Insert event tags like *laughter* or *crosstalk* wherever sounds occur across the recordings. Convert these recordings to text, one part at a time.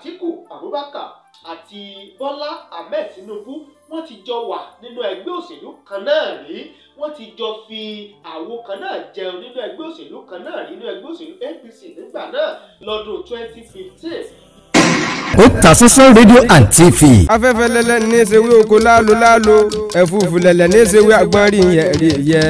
Atiku Abubakar àti Bọ́lá Ahmed Tinubu wọ́n ti jọ wà nínú ẹgbẹ́ òṣèlú kan náà rí wọ́n ti jọ fi àwo kan náà jẹun nínú ẹgbẹ́ òṣèlú kan náà rí nínú ẹgbẹ́ òṣèlú APC nígbà náà lọ́dún 2015 Otasansan rédíò and TV. afẹ́fẹ́ lẹ́lẹ́ ní ṣe wí oko láàlú láàlú ẹ̀fúùfù lẹ̀lẹ̀ ní ìṣèwé agbọ́nrí yẹ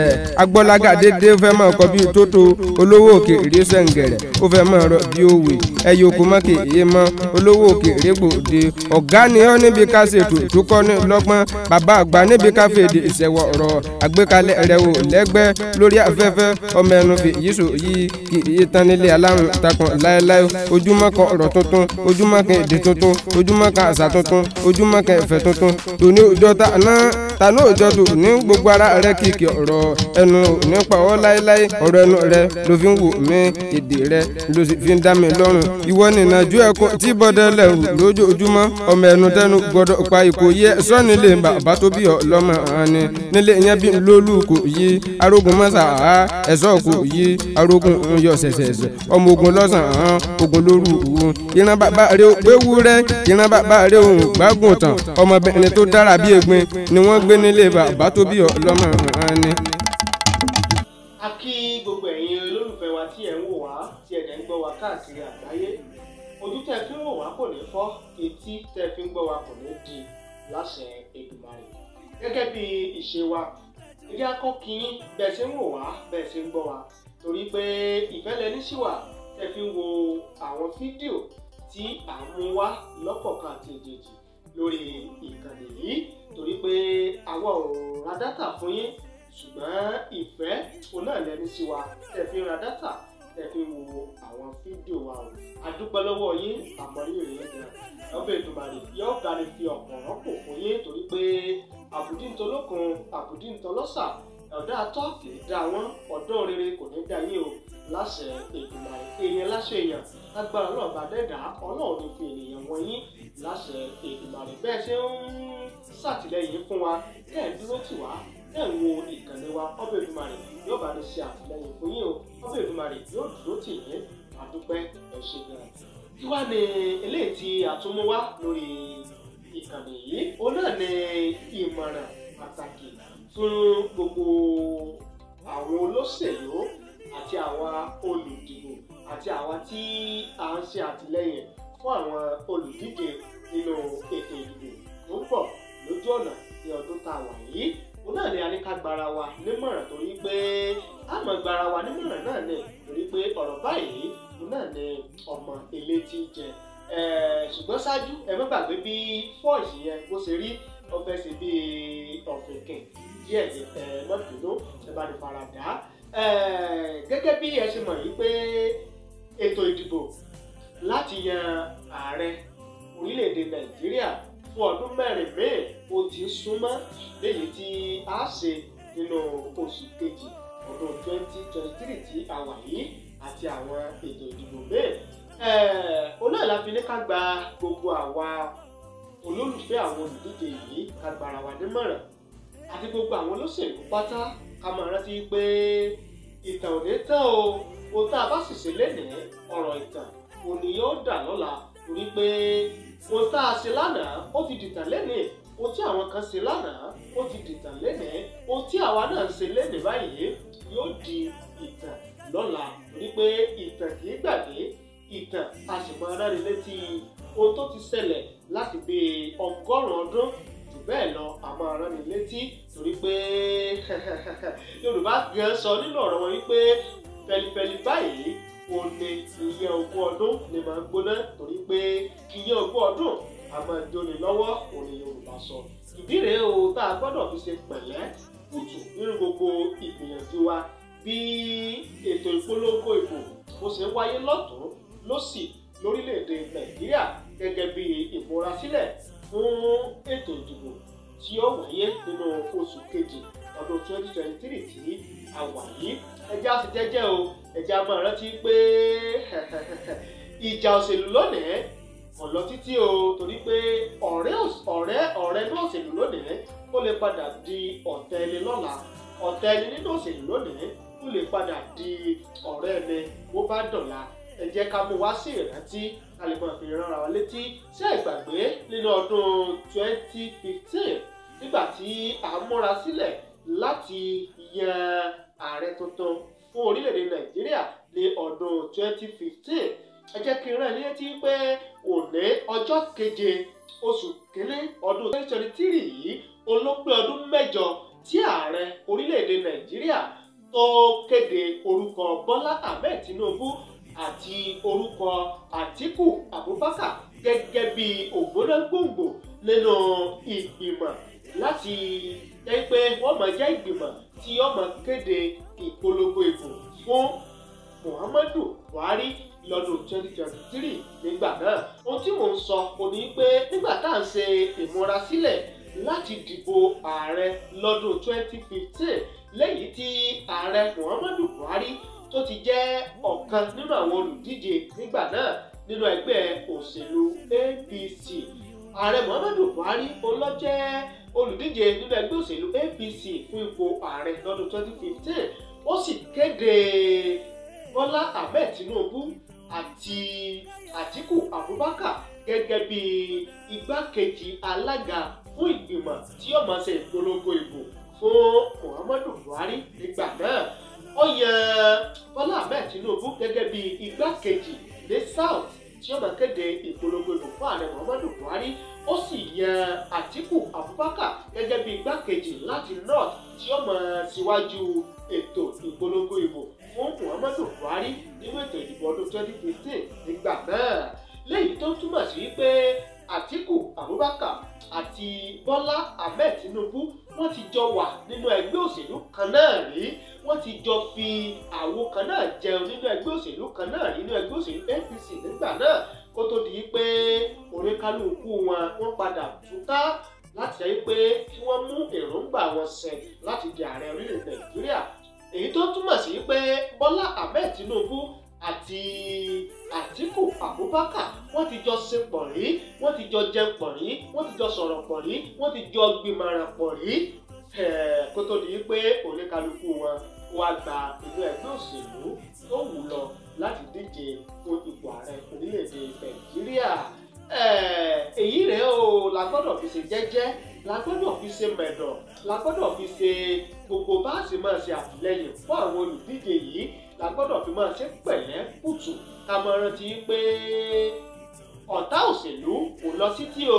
agbọ́lága dédé fẹ́ mọ̀ kọ́ bí tótó olówó òkè èrè sẹ̀ǹgẹ̀rẹ̀ ó fẹ́ mọ̀ rọ bí òwe ẹ̀yẹ òkú mọ́ kè é mọ́ olówó òkè èrè gbòde ọ̀gá ni ọ́ níbi ká ṣètò ìtúkọ́ lọ́gbọ́n bàbá àgbà níbi ká fèdè ìṣẹ̀wọ̀ ọ̀rọ̀ àgbékalẹ̀ rẹ̀ wò lẹ́gbẹ́ lórí afẹ́fẹ́ ọmọ ẹnu fèyí sò yí kì í tán nílé alárùn takùn láéláé ojúmọ́ kan ọ̀rọ̀ tuntun ojúmọ́ kan èdè tuntun ojúmọ́ kan àṣà tuntun ojúmọ́ kan ìfẹ́ tuntun tòní ọjọ́ tá a ná ta ló jọdù ní gbogbo ara rẹ kìkì ọ̀rọ̀ ẹnu nípa ọ láéláé ọ̀rọ̀ ẹnu rẹ ló fi ń wù mí èdè rẹ ló fi ń dá mi lọ́rùn ìwọ nìnajú ẹkọ tí bọ́dẹ lẹ̀rù lójoojúmọ́ ọmọ ẹnu tẹnu gbọdọ̀ pa ìkò yẹ sọ́ni lè bàbá tó bí ọ lọ́mọ àní nílé yẹn bí lólu kò yí arógun mọ́sà á ẹ̀sọ́ kò yí arógun ń yọ sẹ̀sẹ̀sẹ̀ ọmọ ogun lọ́sàn-án ogun lóru òun ìran bàbá rẹ ò rẹ ìran bàbá rẹ ò gbágùn tán ọmọbìnrin tó dára bí egbin ni wọ́n gbé nílé bàbá tó bí ọlọ́mọ ni. a kí gbogbo ẹ̀yin olólùfẹ́ wa tí ẹ̀ ń wò wá tí ẹ̀ ń gbọ́ wa káàkiri àgbáyé ojú tẹ́ fi ń wò wá kò ní fọ́ etí tẹ́ fi ń gbọ́ wa kò ní di láṣẹ Èdùmàrè gẹ́gẹ́ bí ìṣe wa ilé akọ́kí bẹ́ẹ̀ ṣe ń wò wá bẹ́ẹ̀ ṣe ń gbọ́ wa torí pé ìfẹ́ lẹni sí wa tẹ́ fi ń wo àwọn fídíò tí à ń mú wá lọ́kọ̀ọ̀kan àti lórí ìkànnì yìí torí pé àwa ò ra dátà fún yín ṣùgbọ́n ìfẹ́ òun náà lẹ́ni sí wa tẹ̀ fi ra dátà tẹ̀ fi wo àwọn fídíò wa o adúpẹ́ lọ́wọ́ yín àmọ́rí rèé gan ọbẹ̀ ìdùnmọ̀rì yóò bani fi ọ̀pọ̀ rọ́pò fún yín torí pé àbùdíntolókun àbùdíntolọ́sà ọ̀dọ́ atọ́ kì í dá wọn ọ̀dọ́ rere kò ní dá yín o láṣẹ ìdùnmọ̀rì èèyàn láṣẹ èèyàn lágbára náà bá dẹ́dà ọlọ́run ní fi ènìyàn wọ̀nyí láṣẹ Èdùmàrè bẹ́ẹ̀ ṣe ń ṣàtìlẹ́yìn fún wa tẹ́ ẹ̀ dúró tì wá tẹ́ ẹ̀ wo ìkànnì wa ọbẹ̀ Èdùmàrè yóò bá ní ṣe àtìlẹ́yìn fún yín o ọbẹ̀ Èdùmàrè yóò dúró tì yín àdúpẹ́ ẹ̀ ṣe gan-an. kí wàá ní eléyìí tí àtúmọ̀wá lórí ìkànnì yìí òun náà ní ìmọ̀ràn pàtàkì fún gbogbo àwọn olóṣèlú àti àwa olùdìbò àti àwa tí a ń ṣe àtìlẹ́yìn fún àwọn olùdíje nínú ètò ìdìbò tó ń bọ̀ lójú ọ̀nà ní ọdún tá a wà yìí òun náà ni a ní ká gbara wa nímọ̀ràn torí pé a mọ̀ gbara wa nímọ̀ràn náà ni torí pé ọ̀rọ̀ báyìí òun náà ni ọmọ elétí jẹ ṣùgbọ́n ṣáájú ẹ má gbàgbé bí fọ́ọ̀sì yẹn bó ṣe rí ó fẹ́ ṣe bí ọ̀fìnkìn díẹ̀ ẹ mọ̀tò ló bá ní faradà gẹ́gẹ́ bí ẹ ṣe mọ̀ yìí pé ètò ìdìbò láti yan ààrẹ orílẹ̀-èdè nàìjíríà fún ọdún mẹ́rin míì ó ti súnmọ́ léyìí tí a ṣe nínú oṣù kejì ọdún twenty twenty three tí a wà yìí àti àwọn ètò ìdìbò míì onáà la fi ní ká gba gbogbo àwa olólùfẹ́ àwọn olùdíje yìí ká gbára wa nímọ̀ràn àti gbogbo àwọn olóṣèlú pátá ká máa rántí pé ìtàn ò ní tán o ohun tá a bá sì ṣe lénìí ọ̀rọ̀ ìtàn òní yóò dà lọ́la torí pé ohun tá a ṣe lánàá ó ti dìtàn lénìí ohun tí àwọn kan ṣe lánàá ó ti dìtàn lénìí ohun tí àwa náà ṣe lénìí báyìí yóò di ìtàn lọ́la torí pé ìtàn kì í gbàgbé ìtàn a sì máa rárí létí ohun tó ti ṣẹlẹ̀ láti bí ọgọ́rùn-ún ọdún jù bẹ́ẹ̀ lọ a máa rán ni létí torí pé *laughs* Yorùbá gan sọ nínú ọ̀rọ̀ wọn wípé fẹlifẹli báyìí òní ti iyán ogún ọdún ni máa ń gbóná torí pé iyán ogún ọdún a máa jóni lọ́wọ́ òní Yorùbá sọ ìdí rèé o tá a gbọ́dọ̀ fi ṣe pẹ̀lẹ́ kùtù nínú gbogbo ìgbìyànjú wa bí ètò ìpolongo ìbò bó ṣe ń wáyé lọ́tún lọ́sì lórílẹ̀‐èdè Nàìjíríà gẹ́gẹ́ bí ìmúrasílẹ̀ fún ètò ìdìbò tí ó wáyé nínú oṣù kejì ọdún 2023 tí a wà yìí ẹja sì jẹ́jẹ́ o ẹja máa rántí pé *laughs* ìjà òṣèlú lónìí ọ̀lọ́ títí o torí pé ọ̀rẹ́ ọ̀rẹ́ ọ̀rẹ́ ní òṣèlú lónìí ó lè padà di ọ̀tẹ̀ ẹni lọ́la ọ̀tẹ̀ ẹni nínú òṣèlú lónìí ó lè padà di ọ̀rẹ́ ẹni bó bá dọ̀la ẹ jẹ́ ká mú wá sí ìrántí ká lè máa fi rán ara wa létí ṣé ìgbàgbé nínú ọdún 2015 nígbà tí à múra sílẹ̀ láti yan ààrẹ tuntun fún orílẹ̀-èdè nàìjíríà ní ọdún 2015 ẹ jẹ́ kí n rán ilé tí pé òní ọjọ́ keje oṣù kínní ọdún 2023 yìí olópin ọdún mẹ́jọ tí ààrẹ orílẹ̀-èdè nàìjíríà tó kéde orúkọ bọ́lá ahmed tinubu àti orúkọ àtíkù abubakar gẹ́gẹ́ bí ògbóná gbòǹgbò nínú ìgbìmọ̀ láti jẹ́ pé wọ́n máa jẹ́ ìgbìmọ̀ tí yóò máa kéde ìpolongo ìbò fún Muhammadu Buhari lọ́dún twenty twenty three nígbà náà ohun tí mò ń sọ kò ní pé nígbà tá à ń ṣe ìmúrasílẹ̀ láti dìbò ààrẹ lọ́dún twenty fifteen lẹ́yìn tí ààrẹ Muhammadu Buhari tó ti jẹ́ ọ̀kan nínú àwọn olùdíje nígbà náà nínú ẹgbẹ́ òṣèlú APC ààrẹ Muhammadu Buhari olójẹ́ olùdíje nínú ẹgbẹ́ òṣèlú APC fún ipò ààrẹ lọ́dún 2015 ó sì kéde Bọ́lá Ahmed Tinubu àti Àtíkù Abubakar gẹ́gẹ́ bí igbákejì alága fún ìgbìmọ̀ tí yóò máa ṣe ìpolongo ìbò fún Muhammadu Buhari nígbà náà ó yàn Bọ́lá Ahmed Tinubu gẹ́gẹ́ bí igbákejì ní South tí ó máa kéde ìpolongo ìbò fún ààrẹ Muhammadu Buhari ó sì yan Àtíkù Abubakar gẹ́gẹ́ bí igbákejì láti north tí ó máa síwájú ètò ìpolongo ìbò fún Muhammadu Buhari nínú ètò ìdìbò ọdún 2015 nígbà náà léyìí tó túmọ̀ sí pé Atiku abubakar àti bọ́lá ahmed tinubu wọ́n ti jọ wà nínú ẹgbẹ́ òṣèlú kan náà rí wọ́n ti jọ fi àwo kan náà jẹun nínú ẹgbẹ́ òṣèlú kan náà rí nínú ẹgbẹ́ òṣèlú apc nígbà náà kó tó di pé oníkálukú wọn wọ́n padà túká láti jẹ́ pé kí wọ́n mú èròǹgbà wọn ṣẹ láti di ààrẹ orílẹ̀ nàìjíríà èyí tó túmọ̀ sí pé bọ́lá ahmed tinubu àti àtìkù àbúbákà wọ́n ti jọ ṣe pọ̀ rí wọ́n ti jọ jẹ pọ̀ rí wọ́n ti jọ sọ̀rọ̀ pọ̀ rí wọ́n ti jọ gbìmọ̀ràn pọ̀ rí kó tó di pé oníkálukú wọn wá gba inú ẹgbẹ́ òṣèlú tó wù lọ láti díje fún ipò ààrẹ orílẹ̀-èdè nàìjíríà èyí rẹ̀ o la gbọ́dọ̀ fi ṣe jẹ́jẹ́ la gbọ́dọ̀ fi ṣe mẹ̀dọ̀ la gbọ́dọ̀ fi ṣe gbogbo bá a sì máa ṣe àtìlẹ́yìn fún àwọn olùdíje yìí la gbọ́dọ̀ fi máa ṣe pẹ̀lẹ́ kùtù ká máa rántí pé ọ̀tá òṣèlú kò lọ títí o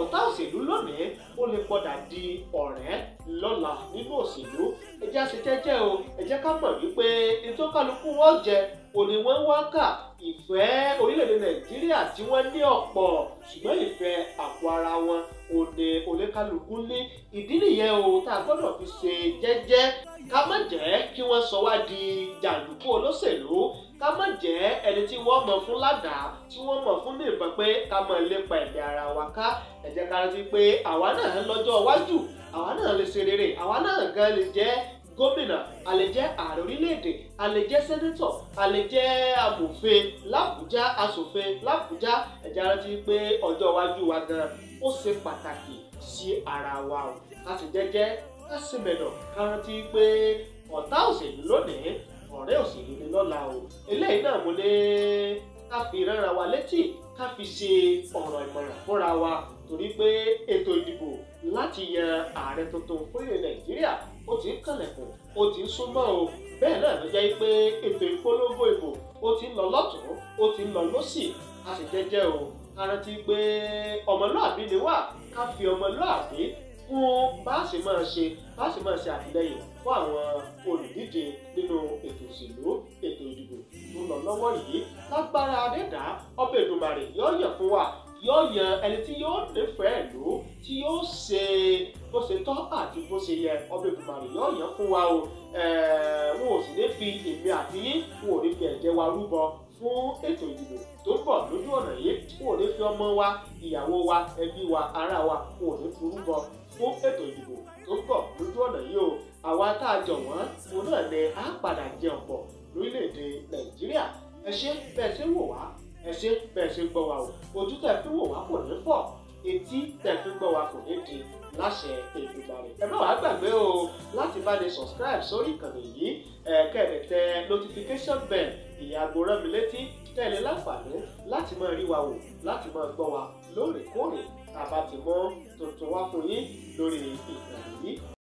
ọ̀tá òṣèlú lónìí ó lè padà di ọ̀rẹ́ lọ́la nínú òṣèlú ẹ jẹ́ o ẹ ká mọ̀ wípé ètò kálukú wọn jẹ òní wọn wá kà ìfẹ́ orílẹ̀-èdè nàìjíríà tí wọ́n ní ọ̀pọ̀ ṣùgbọ́n ìfẹ́ àpò ara wọn òní oníkálukú ní ìdí nìyẹn o tá a gbọ́dọ̀ fi ṣe jẹ́jẹ́ ká má jẹ́ kí wọ́n sọ wá di jàǹdùkú olóṣèlú ká má jẹ́ ẹni tí wọ́n mọ̀ fún ládàá tí wọ́n mọ̀ fún ní ìbọn pé ká mọ̀ lépa ẹ̀dẹ̀ ara wa ká ẹ jẹ́ ká rántí pé àwa náà lọ́jọ́ iwájú àwa náà lè ṣe rere àwa náà gan lè jẹ́ gómìnà a lè jẹ́ ààrẹ orílẹ̀-èdè a jẹ́ sẹ́nẹ́tọ̀ a jẹ́ amòfin làbújá asòfin làbújá ẹ jẹ́ rántí pé ọjọ́ iwájú wa gan ó ṣe pàtàkì sí ara wa o láti jẹ́jẹ́ àṣìbẹ̀dọ̀ rántí pé ọ̀tá òṣèlú lónìí ọ̀rẹ́ òṣèlú ni lọ́la o eléyìí náà mo lé ká fi ránra wa létí ká fi ṣe ọ̀rọ̀ ìmọ̀ràn fúnra wa torí pé ètò ìdìbò láti yan ààrẹ tuntun fún ilẹ̀ nàìjíríà ó ti ń kànlẹ̀kùn ó ti ń súnmọ́ o bẹ́ẹ̀ náà ló jẹ́ pé ètò ìpolongo ìbò ó ti ń lọ lọ́tún ó ti ń lọ lọ́sì a sì jẹ́jẹ́ o a rántí pé ọmọlúàbí ni wá ká fi ọmọlúàbí fún bá ṣe máa ṣe bá ṣe máa ṣe àtìlẹ́yìn fún àwọn olùdíje nínú ètò òṣèlú ètò ìdìbò tó lọ lọ́wọ́ yìí lágbára adẹ́dá ọbẹ̀ Èdùmàrè yóò yàn fún wa yóò yan ẹni tí yóò nífẹ̀ẹ́ lò tí yóò ṣe bó ṣe tọ́ àti bó ṣe yẹ ọbẹ̀ Èdùmàrè yóò yàn fún wa o wọn ò sì ní fi èmi àti yín wọn ò ní fi ẹ̀jẹ̀ wa rúbọ fún ètò ìdìbò tó ń bọ̀ lójú ọ̀nà yìí wọn ò ní fi ọmọ wa ìyàwó wa ẹbí wa ará wa wọn ò ní fi rúbọ fún ètò ìdìbò tó ń bọ̀ lójú ọ̀nà yìí o àwa tá a jọ wọ́n òun náà ni a padà jẹun pọ̀ lórílẹ̀‐èdè nàìjíríà ẹ ṣé bẹ́ẹ̀ ṣe wò wá ẹ ṣé bẹ́ẹ̀ ṣe gbọ́ wa o ojú tẹ̀ fi wò wá kò ní fọ́ etí tẹ̀ fi gbọ́ wa kò ní di láṣẹ ìgbìmọ̀ rẹ̀. ẹ má wàá gbàgbé o láti bá ní subscribe sórí ìkànnì yìí ẹ̀ẹ́kẹ́rẹ̀ tẹ notification bell ìyàgò rẹ́mi létí tẹ̀lé láǹfààní láti máa rí wa wò láti máa gbọ́ wa lóòrèkóòrè tá a bá ti mú tuntun wá fún yín lórí ìkànnì yìí.